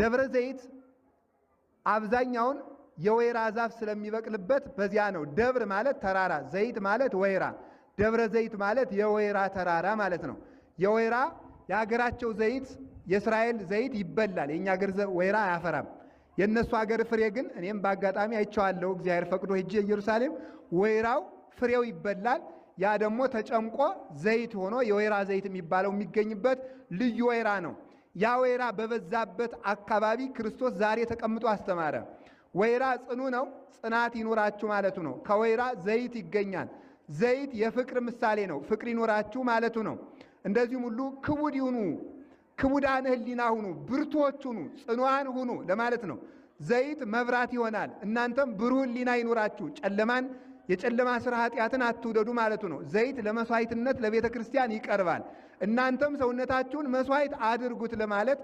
ደብረ ዘይት አብዛኛውን የወይራ ዛፍ ስለሚበቅልበት በዚያ ነው። ደብር ማለት ተራራ፣ ዘይት ማለት ወይራ፣ ደብረ ዘይት ማለት የወይራ ተራራ ማለት ነው። የወይራ የሀገራቸው ዘይት የእስራኤል ዘይት ይበላል። የእኛ ሀገር ወይራ አያፈራም። የእነሱ ሀገር ፍሬ ግን እኔም በአጋጣሚ አይቼዋለሁ። እግዚአብሔር ፈቅዶ ሄጄ ኢየሩሳሌም ወይራው ፍሬው ይበላል። ያ ደግሞ ተጨምቆ ዘይት ሆኖ የወይራ ዘይት የሚባለው የሚገኝበት ልዩ ወይራ ነው። ያ ወይራ በበዛበት አካባቢ ክርስቶስ ዛሬ ተቀምጦ አስተማረ። ወይራ ጽኑ ነው፣ ጽናት ይኖራችሁ ማለቱ ነው። ከወይራ ዘይት ይገኛል። ዘይት የፍቅር ምሳሌ ነው፣ ፍቅር ይኖራችሁ ማለቱ ነው። እንደዚሁም ሁሉ ክቡድ ይሁኑ፣ ክቡዳን ህሊና ሁኑ፣ ብርቶች ሁኑ፣ ጽኑዋን ሁኑ ለማለት ነው። ዘይት መብራት ይሆናል። እናንተም ብሩህ ህሊና ይኖራችሁ ጨለማን የጨለማ ስራ ኃጢአትን አትውደዱ ማለቱ ነው። ዘይት ለመስዋዕትነት ለቤተ ክርስቲያን ይቀርባል። እናንተም ሰውነታችሁን መስዋዕት አድርጉት ለማለት